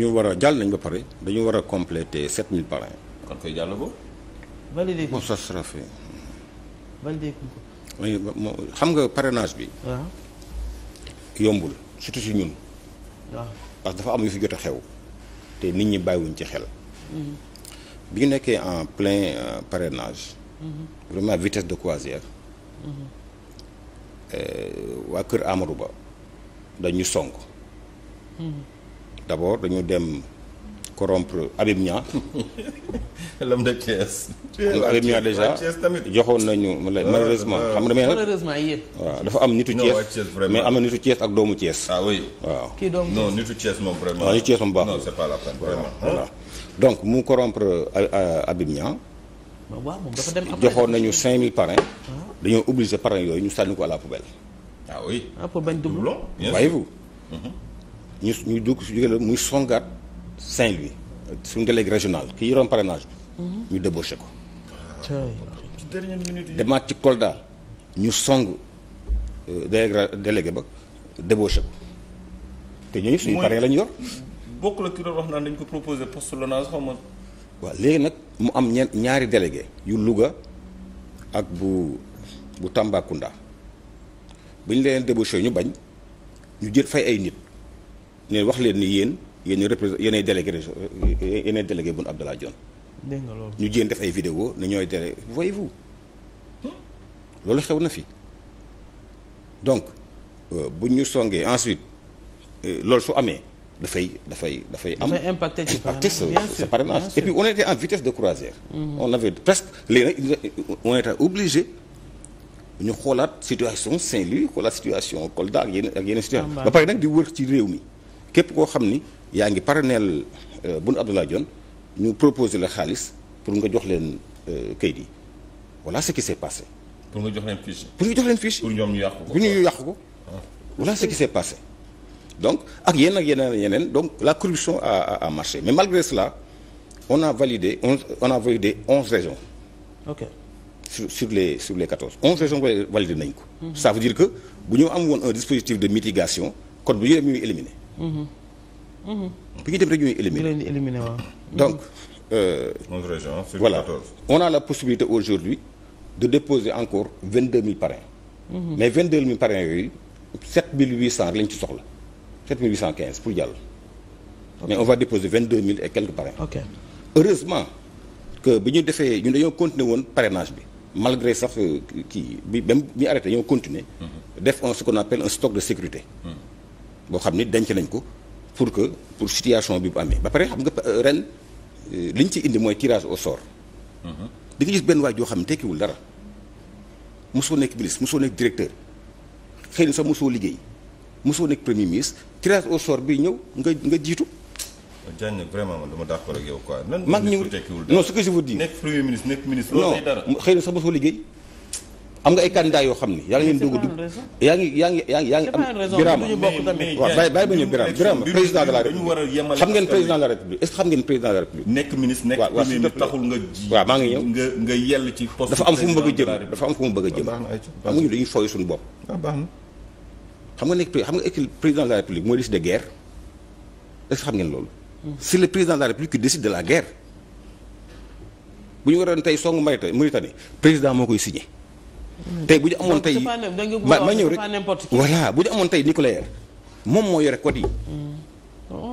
ñu war jàll nañ ba pare dañu war a compléter 7000 parrains. kon koy jàll ko. validé ko moom xam nga parrainage bi. Ah. yombul surtout si ñun. Ah. parce que dafa am yu fi jot a xew. te nit ñi bàyyiwuñ ci xel. Mhm. bi nekkee en plein euh, parenage mhm. vraiment vitesse de croisière. Mhm. Euh, waa kër Amadou Ba dañu song. d'abord dañu dem corrompre Habib Niang. l'homme de Thiès. Habib Niang déjà joxoon nañu malheureusement. xam nga malheureusement yéen. waaw dafa am nitu Thiès mais am na nitu Thiès ak doomu Thiès. ah oui waaw. kii doomu non nitu Thiès moom vraiment. waaw ah, nitu baax non donc mu corrompre euh, euh, Habib Niang. waaw joxoon nañu cinq mille parrains. dañoo obligé parrains yooyu ñu sànni ko à la poubelle. ah oui. Ah, ñu ñu dugg jóge la muy songaat Saint-Louis suñu délégué régional ki yoroon parrainage bi mhm. ñu débauché ko demaat ci Kolda ñu song euh, délégué ba débauché ko te ñooñu suñu parrain la ñu yor bokk la ki doon wax naan dañ ko proposé poste LONASE xaw ma waa léegi nag mu am ñeent ñaari délégué yu Louga ak bu bu Tambacounda bu ñu leen débauché ñu bañ ñu jël fay ay nit ne wax leen ni yéen yéen représenté yéenay délégué région yéenay délégué Boun Abdallah Dionne. dégg nga loolu ñu jéem def ay vidéo ne ñooy dere voyez-vous loolu xew na fi donc euh, bu ñu songee ensuite euh, loolu su amee dafay dafay dafay am. dafay impacté ci sa parrainage et puis on de croisière. Mm-hmm. on avait presque léegi nag on ñu xoolaat situation Saint-Louis xoolaat situation Kolda ak yenn ak yenn situation ba pare nag di wër ci réew mi képp koo xam ni yaa ngi parrainel euh, Boun Abdallah Dionne ñu proposer la xaalis pour nga jox leen euh, kayit yi voilà ce qui s'est passé. pour nga jox leen fiche. pour ñu jox leen fiche. pour ñoom ñu yàqu ko pour ñu yàqu ko. voilà ce qui s'est passé donc ak yenn ak yeneen yeneen donc la corruption a a a marché mais malgré cela on a validé on on a validé onze régions. ok sur sur les sur les quatorze onze régions validé nañ ko. ça veut dire que bu ñu am woon un dispositif de mitigation code bu ñu dem ñu éliminer. bi ñu dem rek ñu ngi éliminé waaw donc. Euh, régions, voilà 14. on a la possibilité aujourd'hui de déposer encore vingt deux mille parrains. Mhm. mais vingt deux mille parrains yooyu sept mille huit cent lañ ci soxla sept mille huit cent quinze pour jàll. mais on va déposer vingt deux mille et quelques parrains. ok heureusement que bi ñu defee ñun dañoo continuer woon parrainage bi. malgré sax euh, kii bi même ñu arrêté ñoo continuer mhm. def on ce qu'on appelle un stock de sécurité. Mhm. boo xam ni denc nañ ko pour que pour situation bi bu amee ba pare xam nga euh, ren euh, li ñu ci indi mooy tirage au sort. Mm-hmm. di nga gis benn waay joo xam ne tekkiwul dara mosoo nekk ministre mosoo nekk directeur xëy na sax mosoo liggéey mosoo nekk premier ministre tirage au sort bi ñëw nga nga jiitu. Diagne vraiment man dama d'accord que je vous nekk ministre nekk ministre. xëy na sax mosoo liggéey. am nga ay candidats yoo xam ni yaa ngi dugg dugg yaa ngi yaa ngi yaa ngi am Birama waaw bàyyi ba ñu Birama Birama président ngeen président de la république est-ce que xam ngeen président de la république nekk ministre nekk ministre taxul maa ngi ñëw nga nga yell ci poste dafa am fu mu bëgg a jëm dafa am fu mu bëgg a jëm am nga ñu dañuy fooy suñu bopp ah, xam nga nekk xam nga président de la république mooy décide de est xam ngeen loolu si le président de la république qui décide de la guerre bu ñu waroon tey songu Mauritanie président moo koy signé tey bu ñu amoon tey ma ma ñëw rek voilà bu ñu amoon tey nucléaire moom moo yore code yi. Mm. Oh,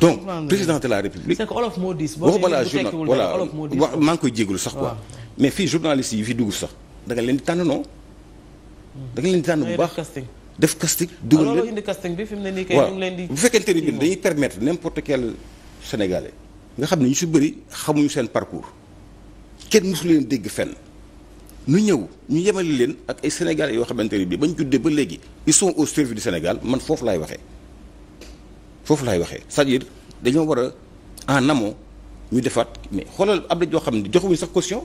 donc président de la république. c'est que olof moo diis boo voilà wax maa ngi koy jégalu sax quoi. mais fii journaliste yi fi dugg sax da nga leen di tànn non. da nga leen di tànn bu baax def casting dugal leen waaw bu fekkente ni bi dañuy permettre n'importe quel sénégalais nga xam ne ñu si bëri xamuñu seen parcours kenn mësu leen dégg fenn. nu ñëw ñu yemale leen ak ay sénégal yoo xamante ne bii ñu juddee ba léegi ils sont au service du Sénégal man foofu laay waxee foofu laay waxee cest à dañoo war a en namo ñu defaat mais xoolal ab la joo xam ne joxuñu sax caution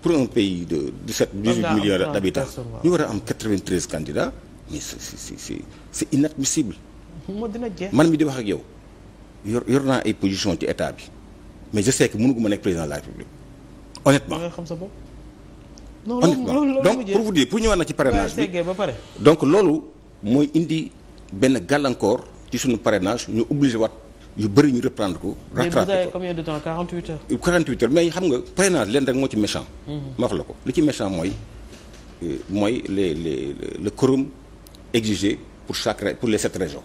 pour un pays de 17 18 millions d'habitants ñu war a am 93 candidats mais c'est c'est c'est c'est inadmissible. man mi di wax ak yow yor yor naa ay position ci état bi mais je sais que mënuguma nekk président de la République honnêtement. non donc pour vous dire pour ñëwaat na ci parrainage bi donc loolu mooy indi benn gàllankoor ci suñu parrainage ñu obligé waat. yu bëri ñu reprendre ko. rattrapé ko mais vous avez combien de temps xam nga parrainage leen rek moo ci méchant. Mhm. ma wax la ko li ci méchant mooy euh, mooy les les le quorum exigé pour chaque pour le sept régions.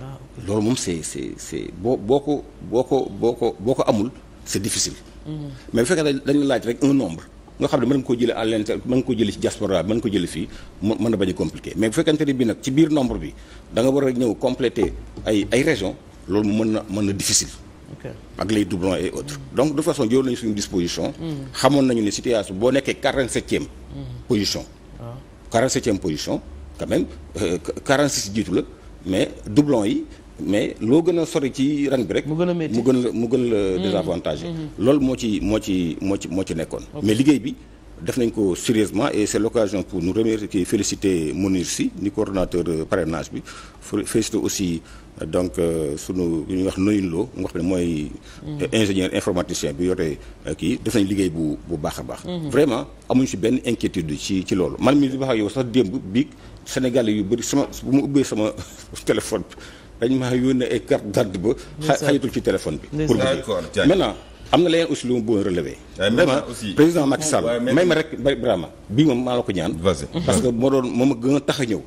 waaw ah, loolu moom c'est c'est boo boo ko boo ko boo ko boo ko amul c'est difficile. Mhm. mais bu fekkee dañu laaj rek un nombre. nga xam ne mën nga koo jële à l'inter mën nga koo jëlee ci diaspora mën nga ko jëlee fii mën na bañ a compliqué mais bu fekkente ne bi nag ci biir nombre bi da nga war a ñëw compléter ay ay régions loolu mën na mën na difficile. ak les doublons et autres. donc de façon jël nañu suñu disposition. xamoon nañu ne situation boo nekkee quarante septième. position. waaw ah. quarante septième position quand même euh, quarante six jiitu la mais doublon yi. mais loo gën a sori ci rang bi rek. mu gën a métti mu gën la gën la mmh. désavantagé. Mmh. loolu moo ci moo ci moo ci moo ci nekkoon. mais liggéey bi. def nañ ko sérieusement et c'est l'occasion pour nous remercier kii féliciter Mounir si ni coordonnateur parrainage bi féliciter aussi donc euh, sunu ñu wax Noyin Lo nga xam ne mooy mm. euh, ingénieur informaticien bi yore euh, kii def nañ liggéey bu bu baax a baax mm-hmm. vraiment amuñu si benn inquiétude ci ci loolu man mi di wax ak yow sax démb biig Sénégal yu bëri sama bu ma ubbee sama téléphone bi dañ maa yónnee ay carte d'identité ba xajatul ci téléphone bi pour maintenant am na leneen aussi lu ma bëggoon relever. Eh, vraiment président Macky Sall may ma rek Birama bii moom maa la ko ñaan. parce que moo doon moom a gën a tax a ñëw.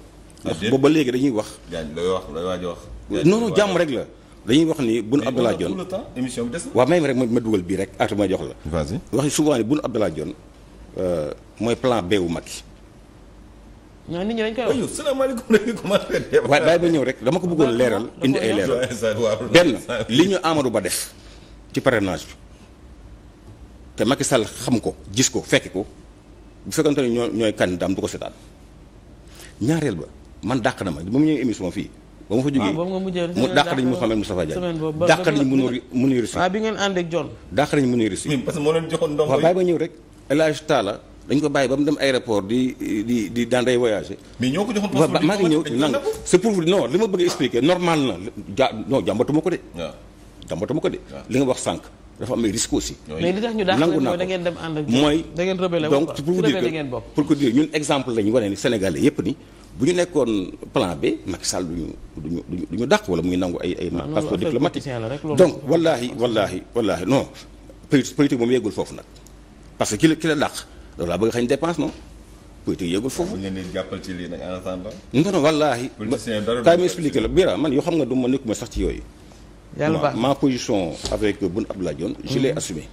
Eh, ndax léegi dañuy wax. wax looy waaj wax. jàmm rek la. dañuy wax ni Boun Abdallah Dionne émission bi des na. waaw may ma rek ma dugal bii rek at ma jox la. vas-y wax souvent ni Boun Abdallah Dionne euh, mooy plan B wu Macky. ñooñu nit ñi dañ koy salaamaaleykum dañuy commencé. waaye bàyyi ba ñëw rek dama ko bëggoon leeral. indi ay leeral benn li ñu Amadou Ba def ci parenage bi te Macky Sall xam ko gis ko fekki ko bu fekkante ne ñoo ñooy candidat am du ko seetaan ñaareel ba man dàq na ma ba mu ñëw émission fii. ba ma fa jógee ah, mu dàq nañu Mouhamed Moustapha Diagne dàq nañu Mounir Mounir Sy. waaw ah, bi ngeen ànd ak John. dàq nañu parce que moo leen joxoon ndox waaw bàyyi ba ñëw rek El Hadj dañ ko bàyyi ba mu dem aéroport di di di daan day voyager. mais ñoo ko joxoon poste maa ngi ñëw nang c'est pour non li ma bëgg expliquer normal na ja non jàmbatuma ko de. waaw jàmbatuma ko de li nga wax sànq dafa am ay risques aussi. mais li tax ñu dàq mooy da ngeen dem donc pour que pour ñun exemple lañu wane ni Sénégalais yëpp ni bu ñu nekkoon plan B Macky Sall du ñu dàq wala mu ngi nangu ay ay. passeport diplomatique donc wallaahi wallaahi wallaahi non politique moom yeggul foofu nag parce que ki la ki la dàq loolu laa bëgg xañ dépense non politique yëgul foofu. ñu leen di jàppal ci lii nag en attendant. non non wallaahi. politicien la biira man yoo xam nga du ma nekkuma sax ci yooyu. yàlla baax ma position avec Boun Abdallah Dionne je l'ai mhm. assumée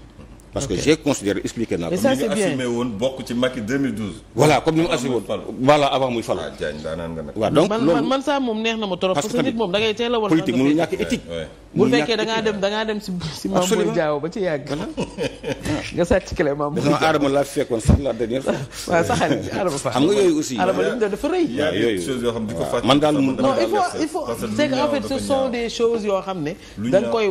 parce que j'ai considéré expliqué naa. comme ni nga assumé woon bokk ci Macky 2012. voilà comme ni mu assumé woon voilà avant muy falu. Ah, donc man man saa moom neex na ma trop. parce que moom dangay teel a war politique mënul ñàkk éthique. bu fekkee da dem dangaa dem si si Mame Boye Diao ba ci yàgg. Ah, nga sàcc clé Mame Boye Diao. Adama laa fekkoon sax sax Adama fa xam nga yooyu aussi. Adama ne. da nga koy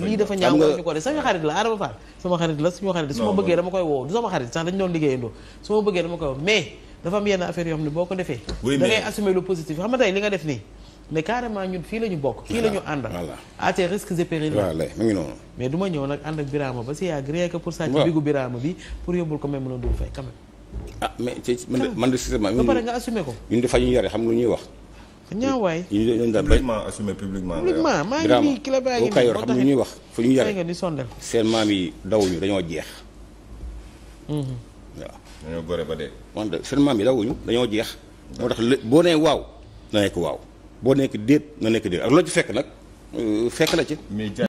lii dafa ñaaw ñu ko de sama xarit la Adama Fall sama xarit la suñu xarit su ma bëggee dama koy woo du sama xarit sax dañu doon liggéeyandoo su ma bëggee dama koy woo mais dafa am yenn affaire yoo xam ne boo ko defee. da ngay assumer lu positif xam nga li nga def nii mais carrément ñun fii la bokk. fii la ñu àndal ma ñëw nag ànd ak Birama ba si yàgg rien pour. sàcc bigu Birama bi pour yóbbul ko même la dul fay quand ah mais man de man de système ba pare nga assumé ko. ñun ñu yare xam lu ñuy wax. ñaawaay ñu doon daan publiquement assumé publiquement. publiquement maa ngi nii kila baa ngi nii boo xam lu ñuy wax. fu ñu yare seen maam yi dawuñu dañoo jeex. waaw. dañoo seen maam yi dawuñu dañoo jeex. moo tax boo nee waaw na nekk waaw boo nekk déet na nekk déet ak loo ci fekk nag euh, fekk la ci.